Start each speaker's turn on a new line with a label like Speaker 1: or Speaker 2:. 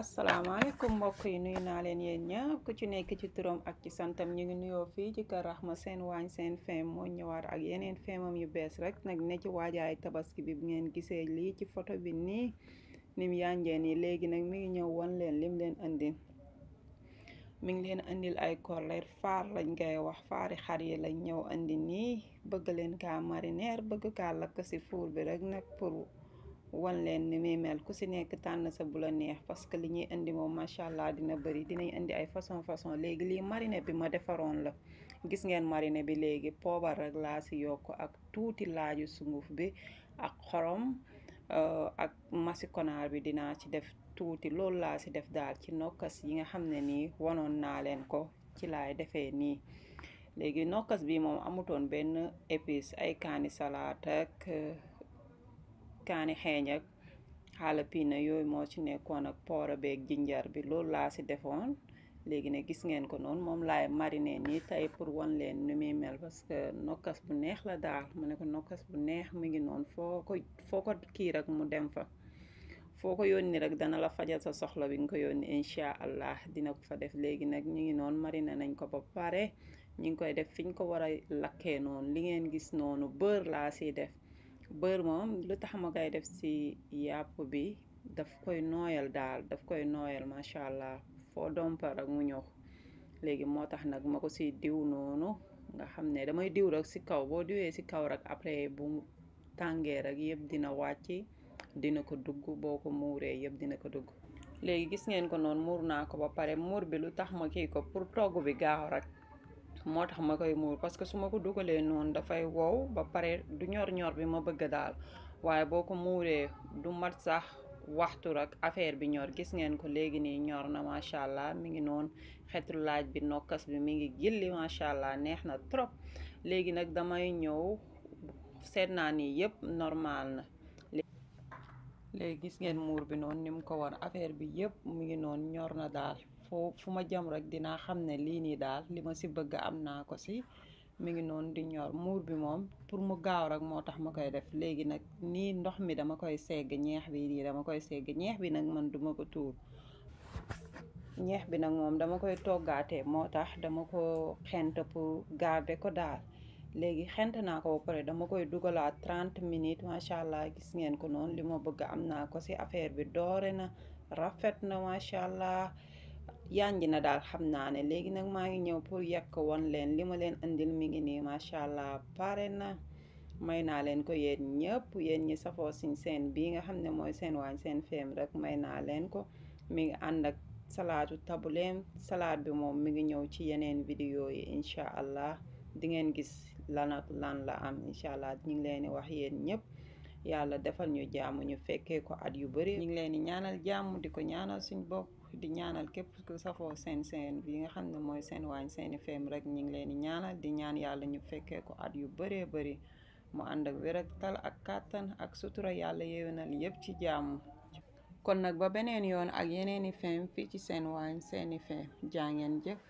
Speaker 1: asalaamaaleykum mbokk yi nuyu naa leen yéen ñëpp ku ci nekk ci turam ak ci santam ñu ngi nuyoo fii ci kër ma seen waañ seen feem moo ñëwaat ak yeneen feemam yu bees rek nag ne ci waajaay tabaski bi bu ngeen gisee lii ci photo bi nii nim yànjee nii léegi nag mi ngi ñëw won leen lim leen andil mi ngi leen indil ay collet faar lañ koy wax faari xar yi lañ ñëw andi nii bëgg leen kaa mariner bëgg kaa lakk si fuur bi rek nag pour wan leen ni muy mel ku si nekk tànn sa bu neex parce que li ñuy indi moom macha allah dina bëri dinañ indi ay façon façon léegi lii marine bi ma defaroon la gis ngeen marine bi léegi poobar rek laa si yokk ak tuuti laaju sunguf bi ak xorom euh, ak masikonaar bi dinaa ci def tuuti loolu laa si def daal ci nokkas yi nga xam ne nii wanoon naa leen ko ci laay defee nii léegi nokkas bi moom amutoon benn épice ay kaani salaat ak euh, kaani xeeñ ak xaalapina yooyu moo ci nekkoon ak poora beeg jinjar bi loolu laa si defoon léegi ne gis ngeen ko noonu moom laay mariner nii tey pour wan leen ni muy mel parce que nokkas bu neex la daal mu ne ko nokkas bu neex mu ngi noonu foo ko foo ko kii rek mu dem fa foo ko yónni rek dana la fajal sa soxla bi nga ko yónni incha allah dina ko fa def léegi nag ñu ngi noonu mariner nañ ko ba pare ñu ngi koy def fi ñu ko war a lakkee noonu li ngeen gis noonu bër laa siy def beurre moom lu tax ma koy def ci yàpp bi daf koy nooyal daal daf koy nooyal macha allah foo dompar ak mu ñëw léegi moo tax nag ma ko ci diw noonu nga xam ne damay diw rek ci kaw boo diwee ci kaw rek après bu tàngee rek yëpp dina wàcc dina ko dugg boo ko muuree yëpp dina ko dugg léegi gis ngeen ko noonu muur naa ko ba pare muur bi lu tax ma kii ko pour togg bi gaaw rek moo tax ma koy muur parce que su ma ko dugalee noonu dafay wow ba pare du ñor-ñor bi ma bëgg daal waaye boo ko muuree du mat sax waxtu rek affaire bi ñor gis ngeen ko léegi nii ñor na macha allah mi ngi noonu xetu laaj bi nokkas bi mi ngi gilli macha allah neex na trop léegi nag damay ñëw seet naa ni yëpp normal na. léegi gis ngeen muur bi noonu ni mu ko war affaire bi yëpp mu ngi noonu ñor na daal fu fu ma jëm rek dinaa xam ne lii nii daal li ma si bëgg am naa ko si mi ngi noonu di ñor muur bi moom pour mu gaaw rek moo tax ma koy def léegi nag nii ndox mi dama koy segg ñeex bi nii dama koy segg ñeex bi nag man duma ko tuur ñeex bi nag moom dama koy toggaatee moo tax dama ko xent pour garder ko daal léegi xent naa ko ba pare dama koy dugalaat 30 minutes macha allah gis ngeen ko noonu li ma bëgg am naa ko si affaire bi doore na rafet na macha allah yanji na daal xam naa ne léegi nag maa ngi ñëw pour yekk won leen li ma leen andil mi ngi nii macha allah pare na may naa leen ko yéen ñëpp yéen ñi safoo siñ seen bii nga xam ne mooy seen waañ seen feem rek may naa leen ko mi ngi ànd ak salaatu tabuleem salaat bi moom mi ngi ñëw ci yeneen vidéo yi incha allah di ngeen gis lan lan la am incha allah ñu ngi leen di wax yéen ñëpp yàlla defal ñu jàmm ñu fekkee ko at yu bëri ñu ngi leen di ñaanal jàmm di ko ñaanal suñ bopp di ñaanal képp ku safoo seen seen bi nga xam ne mooy seen waañ seeni feem rek ñu ngi leen di ñaanal di ñaan yàlla ñu fekkee ko at yu bëree bëri mu ànd ak wér ak tal ak kàttan ak sutura yàlla yéwénal yëpp ci jàmm kon nag ba beneen yoon ak yeneeni feem fii ci seen waañ seeni feem jàngeen jëf